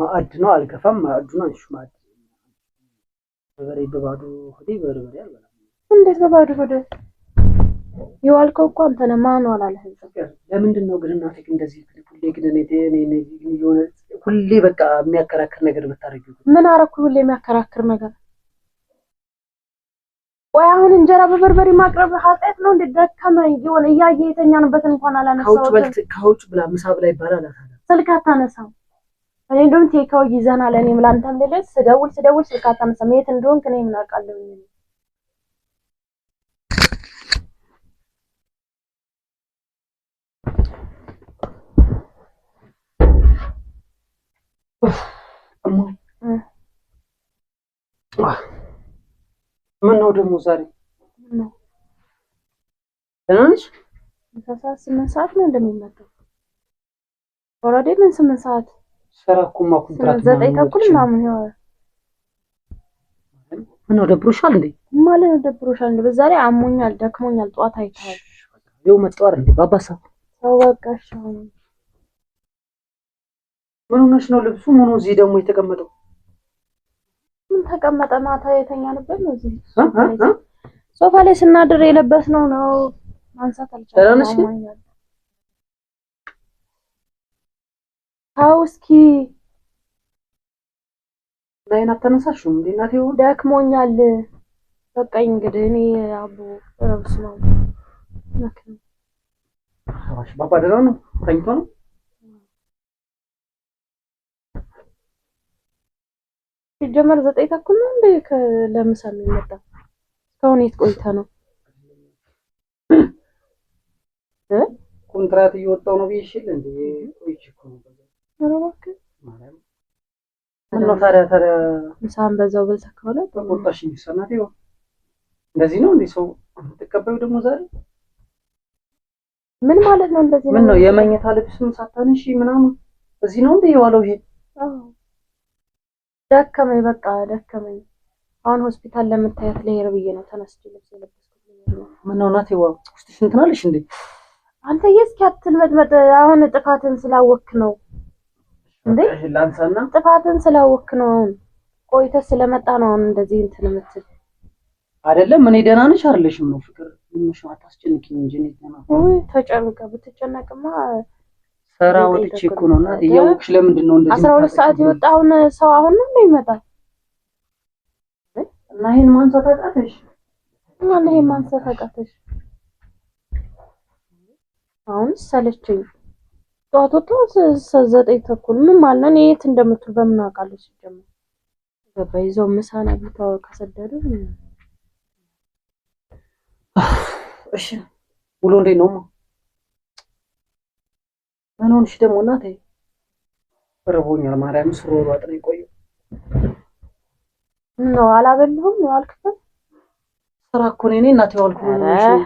ማዕድ ነው አልገፋም። ማዕዱ ነው አንቺ ማዕድ በበሬ በባዶ ሆዴ በርበሬ አልበላም። እንዴት በባዶ ሆዴ የዋልከው እኮ አንተ ነህ። ማን ዋላለህ? ለምንድን ነው ግን እናቴ እንደዚህ ሁሌ ግን እኔ የሆነ ሁሌ በቃ የሚያከራክር ነገር የምታደርጊው? ምን አረኩ? ሁሌ የሚያከራክር ነገር ወይ አሁን እንጀራ በበርበሬ ማቅረብ ኃጢአት ነው? እንደ ደከመኝ የሆነ እያየ የተኛንበትን እንኳን አላነሳሁትም። ካውጭ ብላ ምሳ ብላ ይባላል። ስልክ አታነሳም እኔ እንደውም ቴካው ይዘና ለኔም ላንተም ልልህ ስደውል ስደውል ስልክ አታነሳም። የት እንደሆንክ እኔ ምን አውቃለሁ? ምን ነው ደግሞ ዛሬ ደህና ነሽ? ስምንት ሰዓት ነው እንደሚመጣው ወራዴ ምን ስምንት ሰዓት ስራ እኮ ማ ኮንትራት ዘጠኝ ተኩል ምናምን ይሆናል። ምን ነው ደብሮሻል እንዴ? ማለት ነው ደብሮሻል እንዴ? በዛ ላይ አሞኛል፣ ደክሞኛል። ጠዋት አይተሃል። ይኸው እንዴ? ባባሳ ሰው ምን ሆነሽ ነው? ልብሱ ምን ነው እዚህ ደግሞ የተቀመጠው? ምን ተቀመጠ? ማታ ነው እዚህ ሶፋ ላይ ስናድር የለበስነው ነው። ማንሳት አልቻለም። ተው እስኪ ላይን አታነሳሽም? እንዴት ናት? ይሁን ደክሞኛል። በቃ እንግዲህ እኔ አቡ ረብስ ነው አሽ ባባ ደህና ነው? ተኝቶ ነው? ሲጀመር ዘጠኝ ተኩል ነው እንዴ ለምሳ የሚመጣ? እስካሁን የት ቆይታ ነው? ኮንትራት እየወጣው ነው ብዬሽ የለ እንዴ ቆይቼ እኮ ነው ምሳህን በዛው በልተህ ከሆነ እንደዚህ ነው እንዴ? ሰው የምትቀበዩ ደግሞ ዛሬ ምን ማለት ነው? እንደዚህ ምን ነው? የመኝታ ልብስም ሳታነሺ ምናምን እዚህ ነው እንዴ የዋለው? ይሄ ደከመኝ፣ በቃ ደከመኝ። አሁን ሆስፒታል ለምታያት ለሄር ብዬ ነው ተነስቼ ልብስ የለበስኩት። ምን ነው ናት ይዋ ውስጥሽ እንትን አለሽ እንዴ አንተ? የእስኪ አትልመጥመጥ አሁን ጥፋትን ስላወክ ነው እንዴ ጥፋትን ስላወክ ነው አሁን ስለመጣ ነው አሁን እንደዚህ እንትን የምትል አይደለም። እኔ ደህና ነሽ አይደለሽም ነው ፍቅር ምንሽ አታስጨንቂኝ እንጂ እኔ ደህና ነኝ። ተጨንቀ ብትጨነቅማ ወጥቼ እኮ እያወቅሽ ለምንድን ነው እንደዚህ ሰዓት የወጣውን ሰው አሁን ነው እና ይሄን ማንሳት አቃተሽ እና ይሄን ማንሳት አቃተሽ አሁን ሰለችኝ። ጠዋት ወጥቶ ዘጠኝ ተኩል ምን ማለት ነው? እኔ የት እንደምትውል በምን አውቃለሁ? ሲጀምር ገባ ይዘው ምሳን አግኝታ ከሰደዱ እሺ ውሎ እንዴት ነው? ምን ሆንሽ ደግሞ እናቴ? እርቦኛል። ማርያም ስሮ ሯጥ ነው የቆየው ነው አላበላሁም። ያልክፈል ስራ እኮ ነው እኔ እናቴ ያልኩ ነው።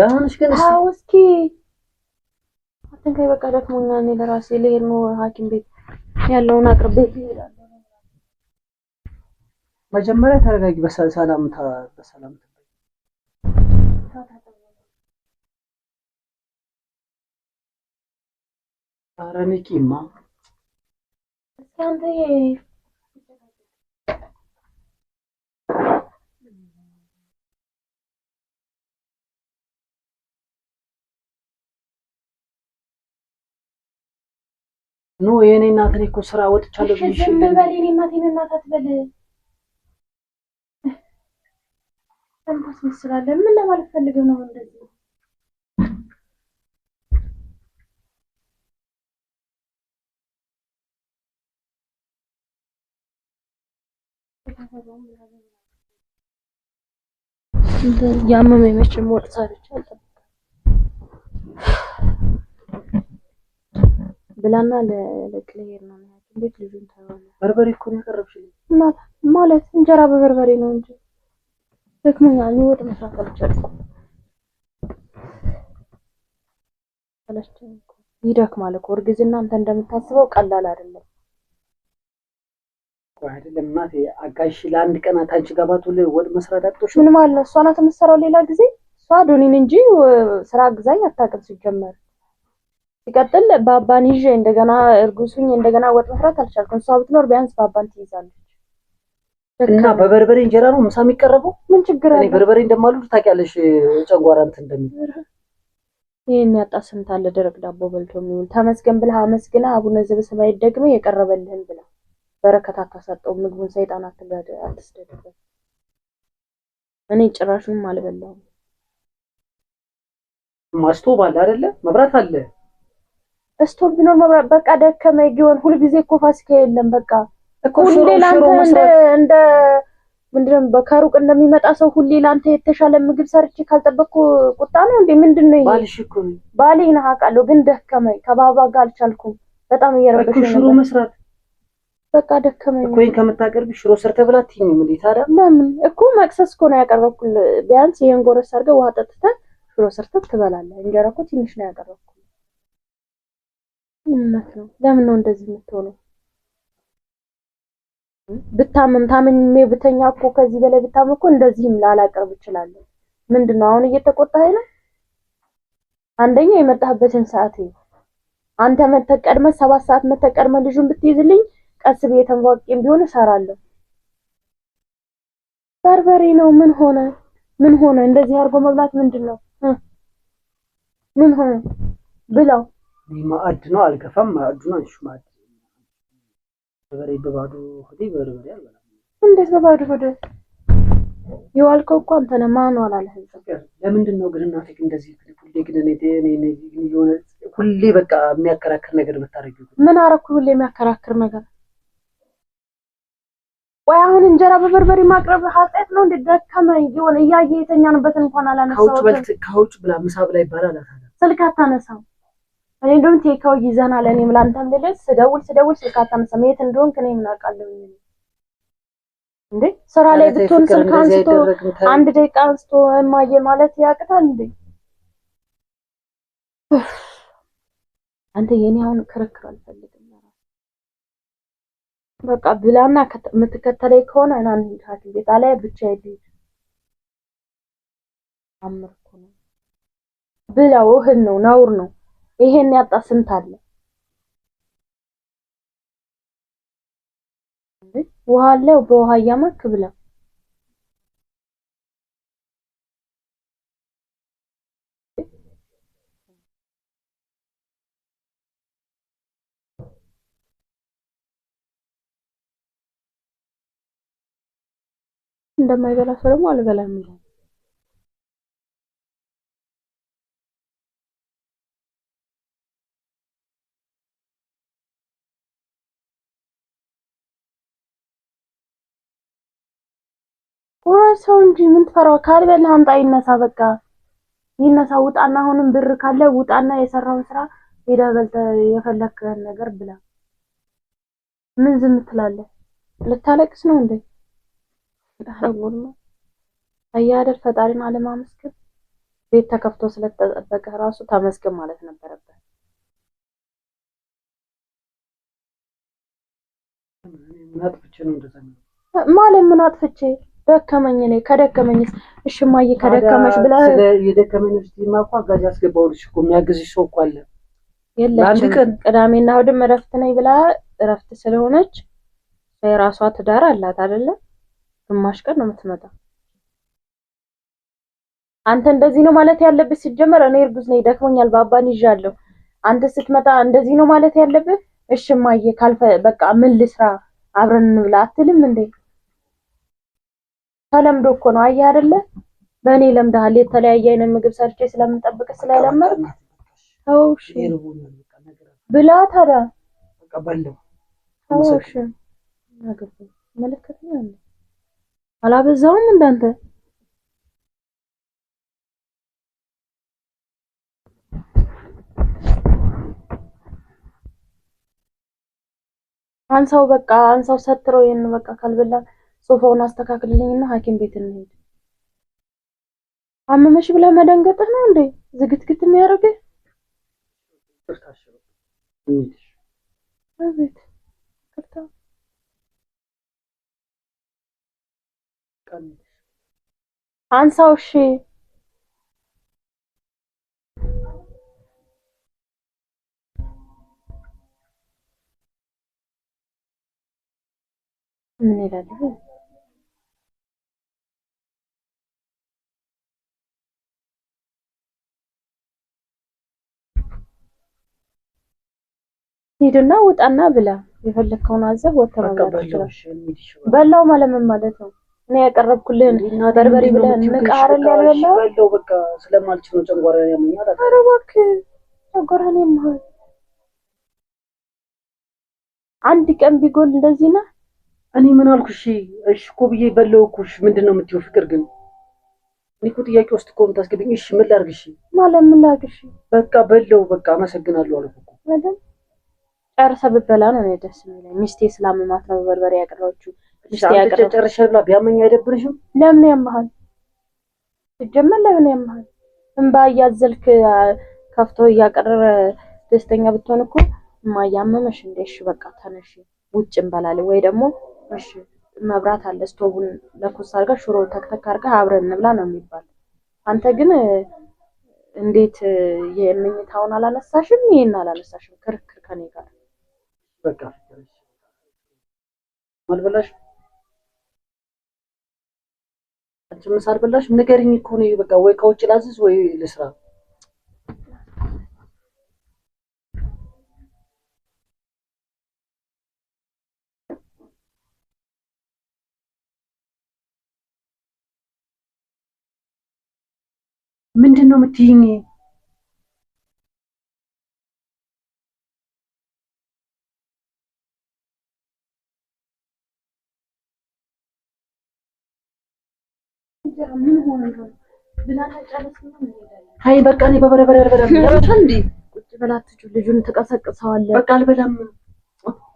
ደህና ነሽ ግን እስኪ አትንካኝ፣ በቃ ደክሞኛል። እኔ ለራሴ ልሄድ ነው ሐኪም ቤት ያለውን አቅርቤ ይሄዳል። መጀመሪያ ተረጋጊ፣ በሰላም በሰላም ኧረ ንቂማ አንተ ኑ የኔ እናት እኔ እኮ ስራ ወጥቻለሁ እሺ ዝም በል። የኔ እናት የኔ እናት አትበል። እንኳን ትመስላለህ። ምን ለማለት ፈልገህ ነው እንደዚህ? ያመመኝ መቼም ወጥታ ብቻ ብላና ለክሌር ሄድ ነው። እንዴት ልጁን ተባለ? በርበሬ እኮ ነው ያቀረብሽልኝ። ማለት እንጀራ በበርበሬ ነው እንጂ ደክሞኛል። እኔ ወጥ መስራት አልቻልኩም። ይደክማል እኮ እርግዝና፣ አንተ እንደምታስበው ቀላል አይደለም። አይደለም እናቴ፣ አጋሽ ለአንድ ቀን አንቺ ጋር ባትውል ወጥ መስራት አጥቶሽ ምን ማለት ነው? እሷ ናት የምትሰራው። ሌላ ጊዜ እሷ ዶኒን እንጂ ስራ ግዛኝ አታውቅም ሲጀመር ሲቀጥል ባባን ይዤ እንደገና እርጉሱኝ እንደገና ወጥ መስራት አልቻልኩም። እሷ ብትኖር ቢያንስ ባባን ትይዛለች። እና በበርበሬ እንጀራ ነው ምሳ የሚቀረበው። ምን ችግር አለ? በርበሬ እንደማሉ ታውቂያለሽ። ጨጓራ እንትን እንደሚል ይሄን ያጣ ስንት አለ። ደረቅ ዳቦ በልቶ የሚውል ተመስገን ብለህ አመስግና አቡነ ዘበሰማይ ደግመ የቀረበልህን ብላ በረከት አታሳጠው። ምግቡን ሰይጣን አትስደድበት። እኔ ጭራሹንም አልበላሁም። ማስቶ ባለ አይደለ መብራት አለ ስቶቭ ቢኖር መብራት በቃ ደከመ ይሆን። ሁልጊዜ እኮ ፋሲካ የለም በቃ ሁሌ ላንተ እንደ እንደ ምንድነው በከሩቅ እንደሚመጣ ሰው ሁሌ ላንተ የተሻለ ምግብ ሰርቼ ካልጠበቅኩ ቁጣ ነው እንዴ? ምንድን ነው ይሄ? ባልሽ እኮ ነው ባሌ ነህ አውቃለሁ፣ ግን ደከመኝ። ከባባ ጋር አልቻልኩም። በጣም እየረበሽ ነው። ሽሮ መስራት በቃ ደከመኝ እኮ። ይሄን ከምታቀርቢ ሽሮ ሰርተ ብላ ትይኝ ምን ታዲያ? ለምን እኮ መቅሰስ እኮ ነው ያቀረብኩልህ። ቢያንስ ይሄን ጎረስ አድርገህ ውሃ ጠጥተህ ሽሮ ሰርተህ ትበላለህ። እንጀራ እኮ ትንሽ ነው ያቀረብኩልህ። ምንነት ነው? ለምን ነው እንደዚህ የምትሆነው? ብታምም ታምሜ ብተኛ እኮ ከዚህ በላይ ብታምም እኮ እንደዚህም ላላቀርብ እችላለሁ። ምንድን ነው አሁን እየተቆጣ ነው? አንደኛ የመጣህበትን ሰዓት አንተ መተቀድመ ሰባት ሰዓት መተቀድመ ልጁን ብትይዝልኝ ቀስ ብዬ ተንቧቄም ቢሆን እሰራለሁ። በርበሬ ነው ምን ሆነ? ምን ሆነ? እንደዚህ አድርጎ መብላት ምንድን ነው? ምን ሆነ? ብላው ማዕድ ነው። አልገፋም። ማዕድ ነው። አንቺ ማዕድ በበሬ በባዶ ሆዴ በርበሬ አልበላም። እንዴት በባዶ ሆዴ የዋልከው እኮ አንተ ነህ። ማን አላለህም? ለምንድን ነው ግን እናቴ እንደዚህ ሁሌ ግን የሆነ ሁሌ በቃ የሚያከራክር ነገር የምታደርጊው? ምን አደረኩ? ሁሌ የሚያከራክር ነገር ወይ አሁን እንጀራ በበርበሬ ማቅረብ ኃጢአት ነው? እንደ ደከመኝ የሆነ እያየ የተኛንበትን እንኳን አላነሳሁትም። ከውጭ ብላ ምሳ ብላ ይባላል። ስልክ አታነሳም እኔ እንደውም ቴካው ይዘና ለኔ ምላንታ እንደለስ ስደውል ስደውል ስልክ አታነሳም። የት እንደሆንክ እኔ ምን አውቃለሁ እንዴ? ስራ ላይ ብትሆን ስልክ አንስቶ አንድ ደቂቃ አንስቶ እማዬ ማለት ያቅታል እንዴ? አንተ የኔ አሁን ክርክር አልፈልግም። በቃ ብላና የምትከተለኝ ከሆነ እና አንድ ሐኪም ቤት አለ ብቻ ይልኝ አምርኩ ነው ብላው ውህን ነው ነውር ነው ይሄን ያጣ ስንት አለ? ውሃ አለው። በውሃ እያማክ ብለው? እንደማይበላ ሰው ደግሞ አልበላም ይላል። ሰው እንጂ ምን ትፈራው? ካልበላ አምጣ ይነሳ፣ በቃ ይነሳ። ውጣና አሁንም ብር ካለ ውጣና የሰራውን ስራ ሄዳ በልተ የፈለከን ነገር ብላ። ምን ዝም ትላለህ? ልታለቅስ ነው እንዴ? ታረጉል አያደር ፈጣሪን አለማመስገን ቤት ተከፍቶ ስለተጠበቀ ራሱ ተመስገን ማለት ነበረበት። ማለት ምን አጥፍቼ ደከመኝ ነኝ ከደከመኝ እሺ እማዬ ከደከመሽ ብለህ የደከመኝ ልጅማ እኮ አጋዥ አስገባሁልሽ እኮ የሚያግዝሽ ሰው እኮ አለ። የለችም ቅዳሜና እሑድም እረፍት ነኝ ብላ እረፍት ስለሆነች የራሷ ትዳር አላት አይደለ? ግማሽ ቀን ነው የምትመጣው። አንተ እንደዚህ ነው ማለት ያለብህ። ሲጀመር እኔ እርጉዝ ነኝ፣ ደክሞኛል፣ ባባን ይዣለሁ። አንተ ስትመጣ እንደዚህ ነው ማለት ያለብህ። እሺ እማዬ ካልፈ በቃ ምን ልስራ፣ አብረን እንብላ አትልም እንዴ? ተለምዶ እኮ ነው። አየህ አይደለ በእኔ ለምደሃል። የተለያየ አይነት ምግብ ሰርቼ ስለምንጠብቅ ስለለመድ ተው ብላ ታዲያ ተው ምልክት ነው አላበዛውም እንዳንተ አንሳው በቃ አንሳው ሰትረው ይሄን በቃ ካልበላ ሶፋውን አስተካክልልኝና ሐኪም ቤት እንሄድ አመመሽ ብላ መደንገጥህ ነው እንዴ? ዝግትግት የሚያደርግህ አቤት ቅርታ አንሳው። እሺ ምን ይላል? ሂድና ውጣና ብላ የፈለግከውን አዘብ ወተራ በላው ማለት ማለት ነው? እኔ ያቀረብኩልህን በርበሪ ብለህ ንቃር ያልበላው በላው በቃ ስለማልችል ነው። ጨንጓራ ያመኛል። ኧረ እባክህ ጨንጓራ ነው አንድ ቀን ቢጎል እንደዚህ ነህ። እኔ ምን አልኩሽ? እሺ እኮ ብዬ በላው እኮ። እሺ ምንድን ነው የምትይው? ፍቅር ግን እኔ እኮ ጥያቄ ውስጥ እኮ የምታስገብኝ። እሺ ምን ላድርግ? እሺ ማለት ምን ላድርግ? እሺ በቃ በለው በቃ አመሰግናለሁ አልኩ እኮ ጨርሰ ብበላ ነው ደስ የሚለኝ። ሚስቴ ስላመማት ነው በርበሬ ያቀረበችው። ሚስቴ ያቀረበችው ጨርሼ ቢያመኝ አይደብርሽም? ለምን ያመሃል? ሲጀመር ለምን ያመሃል? እንባ እያዘልክ ከፍቶ እያቀረረ ደስተኛ ብትሆን እኮ ማያመመሽ እንዴ? እሺ በቃ ተነሽ ውጭ እንበላለን ወይ ደግሞ እሺ መብራት አለ ስቶቡን ለኩስ አድርጋ ሽሮ ተክተክ አድርጋ አብረን እንብላ ነው የሚባል። አንተ ግን እንዴት የምኝታውን አላነሳሽም? ይሄን አላነሳሽም? ክርክር ከኔ ጋር በቃ አልበላሽ አንቺ ምሳ አልበላሽ? ንገሪኝ እኮ ነው በቃ ወይ ከውጭ ላዝዝ ወይ ልስራ። ምንድን ነው የምትይኝ? ምን በቃ ነው በበረበረ በረበረ ለምን እንዴ ቁጭ በላት ልጁን ተቀሰቅሰዋለን። በቃ አልበላም።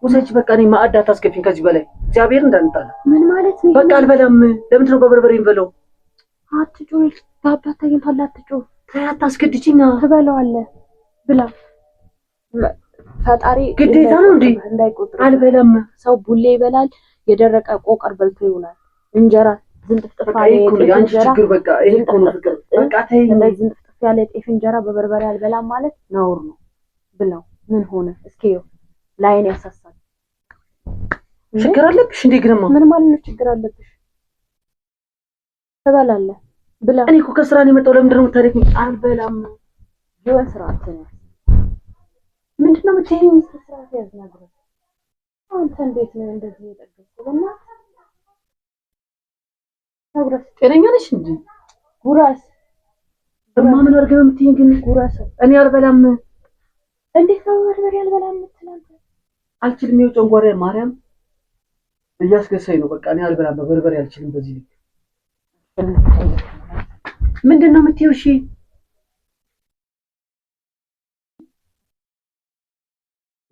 ወሰጅ በቃ ነው ማዕድ አታስገቢኝ ከዚህ በላይ እግዚአብሔር እንዳንጣላ። ምን ማለት ነው? በቃ አልበላም። ለምንድን ነው በበርበሬ የምበለው? አትጩ ባባ ተኝቷል። አትጩ ታያት አስገድጂኛ ትበለዋለህ ብላ ፈጣሪ ግዴታ ነው እንዴ እንዳይቆጥር። አልበላም። ሰው ቡሌ ይበላል፣ የደረቀ ቆቀር በልቶ ይውላል። እንጀራ ዝንጥፍጥፍ ያለ ጤፍ እንጀራ በበርበሬ አልበላም ማለት ነውር ነው ብለው ምን ሆነ እስኪዮ ላይን ያሳሳል። ችግር አለብሽ እንዴ? ግርማ ምን ማለት ነው? ችግር አለብሽ ትበላለህ ብላ እኔ እኮ ከስራ ነው የመጣው። ለምንድን ነው ታሪክ አልበላም? ይወን ስርዓት ነው። ምንድን ነው የምትሄጂው? ስርዓት ያዝናግረው አንተ እንዴት ነው እንደዚህ የጠገብኩ በእናትህ ጉራስ ጤነኛ ነሽ እንዴ? ጉራስ ምን የምትይኝ? ግን ጉራስ እኔ አልበላም። እንዴት ነው በርበሬ አልበላም የምትለው? አልችልም። ይኸው ጨንጓራ ማርያም እያስገሳኝ ነው። በቃ እኔ አልበላም፣ በበርበሬ አልችልም። በዚህ ልክ ምንድን ነው የምትይው? እሺ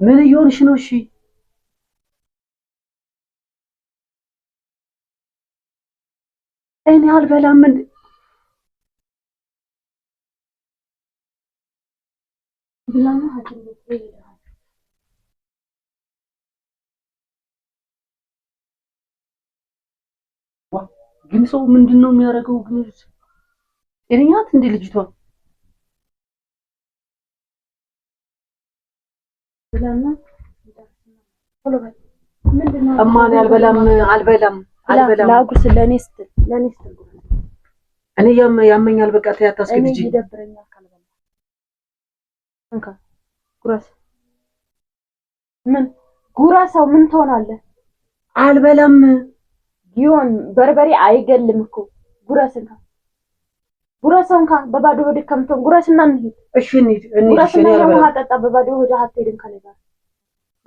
ምን እየሆንሽ ነው? እሺ እኔ አልበላም። ግን ሰው ምንድን ነው የሚያደርገው? ግዝ ጤነኛ እንዴ ልጅቷ? እማን አልበላም፣ አልበላም፣ አልበላም ለአጉር ስለእኔ ስትል ለኔስ እኔ ያመኛል። በቃ ተያት አስገድጂ። ይደብረኛል ካልበላ እንካ ጉራስ ምን ጉራሳው ምን ትሆናለህ? አልበላም። ጊዮን በርበሬ አይገልም እኮ ጉራስ እንካ ጉራሳው እንካ። በባዶ ሆድህ ከምትሆን ጉራስና እንሂድ። እሺ እንሂድ እንሂድ። ጉራስና ውሃ ጠጣ። በባዶ ሆድህ አትሄድም ከእኔ ጋር።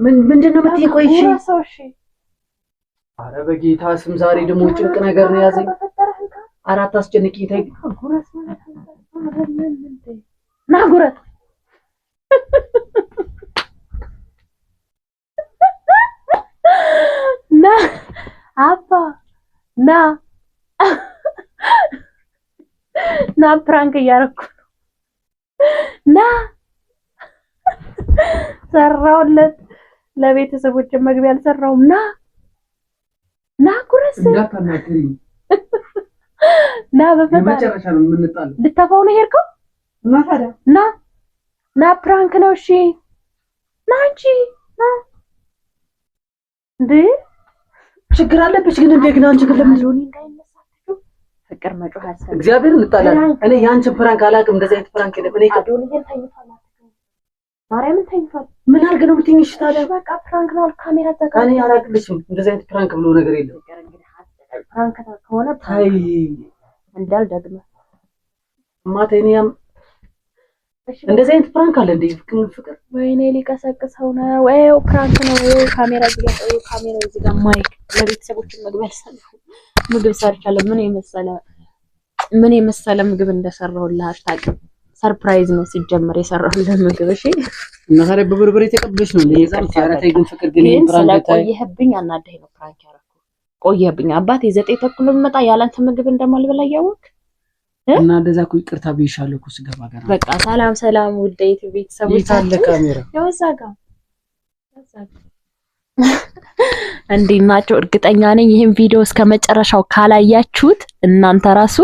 ምን ምንድን ነው የምትይኝ? ቆይ እሺ ጉራሳው እሺ አረ በጌታ ስም ዛሬ ደግሞ ጭንቅ ነገር ነው ያዘኝ። አራት አስጨንቂ ታይ ናጉረት ና አባ ና ና ፕራንክ እያደረኩ ና ሰራውለት ለቤተሰቦች መግቢያ አልሰራውም። ና ና ኩረስ እንዳታናግሪኝ። ና በፈጣሪ ልተፋው ነው የሄድከው። እና ታዲያ ና ና ፕራንክ ነው። እሺ ና እንጂ ና እንዴ ችግር አለብሽ ግን እንዴ ግን አንቺ ግን ለምን ሆነ ፍቅር መጮህ አሰብ እግዚአብሔር እንጣላለን። እኔ ያንቺን ፕራንክ አላውቅም። እንደዚህ አይነት ፕራንክ እኔ ከዶን ይሄን ታይቷላ ማርያምን ተኝቷል። ምን አርግ ነው ምትኝሽ? ታዲያ? በቃ ፕራንክ ነው። ካሜራ ዘጋ። እኔ አላቅልሽም። እንደዚህ አይነት ፕራንክ ብሎ ነገር የለም። ፕራንክ ከሆነ ታይ እንዳልደግመህ ማታ እኔም እንደዚህ አይነት ፕራንክ አለ እንዴ? ፍቅር ፍቅር፣ ወይኔ ሊቀሰቅሰው ነው። ወይው ፕራንክ ነው። ወይ ካሜራ እዚህ ወይ ካሜራ እዚህ ጋር። ማይክ ለቤተሰቦች ምግብ ያልሳለሁ ምግብ ሰርቻለሁ። ምን የመሰለ ምን የመሰለ ምግብ እንደሰራሁልህ አታውቂም። ሰርፕራይዝ ነው ሲጀመር የሰራሁለት ምግብ። እሺ እና ዛሬ በበርበሬ የተቀበለች ነው ለዛ ሲያራታይ ግን ፍቅር ግን ስለቆየህብኝ አናደኸኝ ነው ፕራንክ ያረኩ ቆየህብኝ አባቴ ዘጠኝ ተኩል መጣ ያላንተ ምግብ እንደማልበላ እያወቅህ እና እንደዛ እኮ ይቅርታ ብይሻለሁ እኮ ስገባ ገና በቃ ሰላም ሰላም፣ ውድ ቤተሰቦች የት አለ ካሜራ ያው እዛ ጋር እንዴት ናቸው? እርግጠኛ ነኝ ይህን ቪዲዮ እስከ መጨረሻው ካላያችሁት እናንተ ራሱ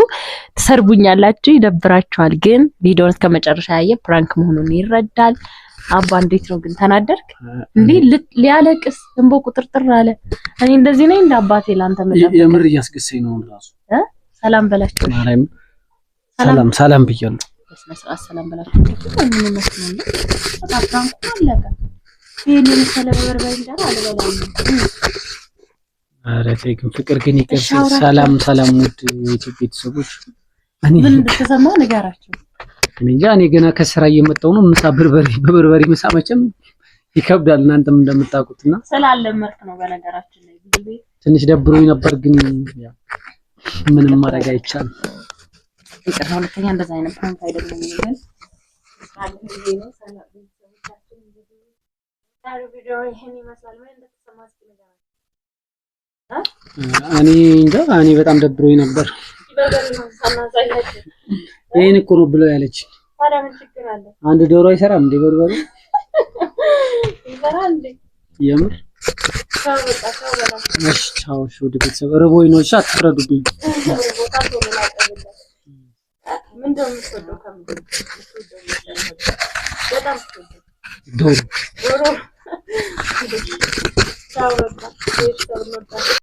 ትሰርቡኛላችሁ፣ ይደብራችኋል። ግን ቪዲዮን እስከ መጨረሻ ያየ ፕራንክ መሆኑን ይረዳል። አባ እንዴት ነው ግን ተናደርክ እንዴ? ሊያለቅስ እንቦ ቁጥርጥር አለ። እኔ እንደዚህ ነኝ እንደ አባቴ ላንተ መጣ። የምር እያስገሰኝ ነው ራሱ። ሰላም በላችሁ። ሰላም ሰላም ብያለሁ። በስነ ስርዓት ሰላም በላችሁ። ምን ነው ነው በቃ ፕራንኩ አለቀ። ይሄን የመሰለ እንጀራ አልበላም። ኧረ ተይ ግን ፍቅር ግን ይቅር። ሰላም ሰላም፣ ውድ የኢትዮጵያ ቤተሰቦች ምን እንደተሰማ ንገራቸው። እንጃ እኔ ገና ከስራ እየመጣሁ ነው። ምሳ በርበሬ በበርበሬ ምሳ መቼም ይከብዳል፣ እናንተም እንደምታውቁት እና ስላለመድክ ነው። በነገራችን ላይ ብዙ ትንሽ ደብሮኝ ነበር፣ ግን ምንም ማድረግ አይቻልም። ይቅር ሁለተኛ እንደዛ አይነት ፕራንክ አይደለም። ¿Ah? እኔ እንጃ እኔ በጣም ደብሮኝ ነበር። ይሄን እኮ ነው ብለው ያለች። አንድ ዶሮ አይሰራም እንዴ? በርበሩ ይሰራል እንዴ? የምር እሺ፣ ቻው። እሺ፣ ወደ ቤተሰብ ርቦኝ ነው። እሺ፣ አትፍረዱብኝ። ምን እንደምትወደው ከምግብ धूर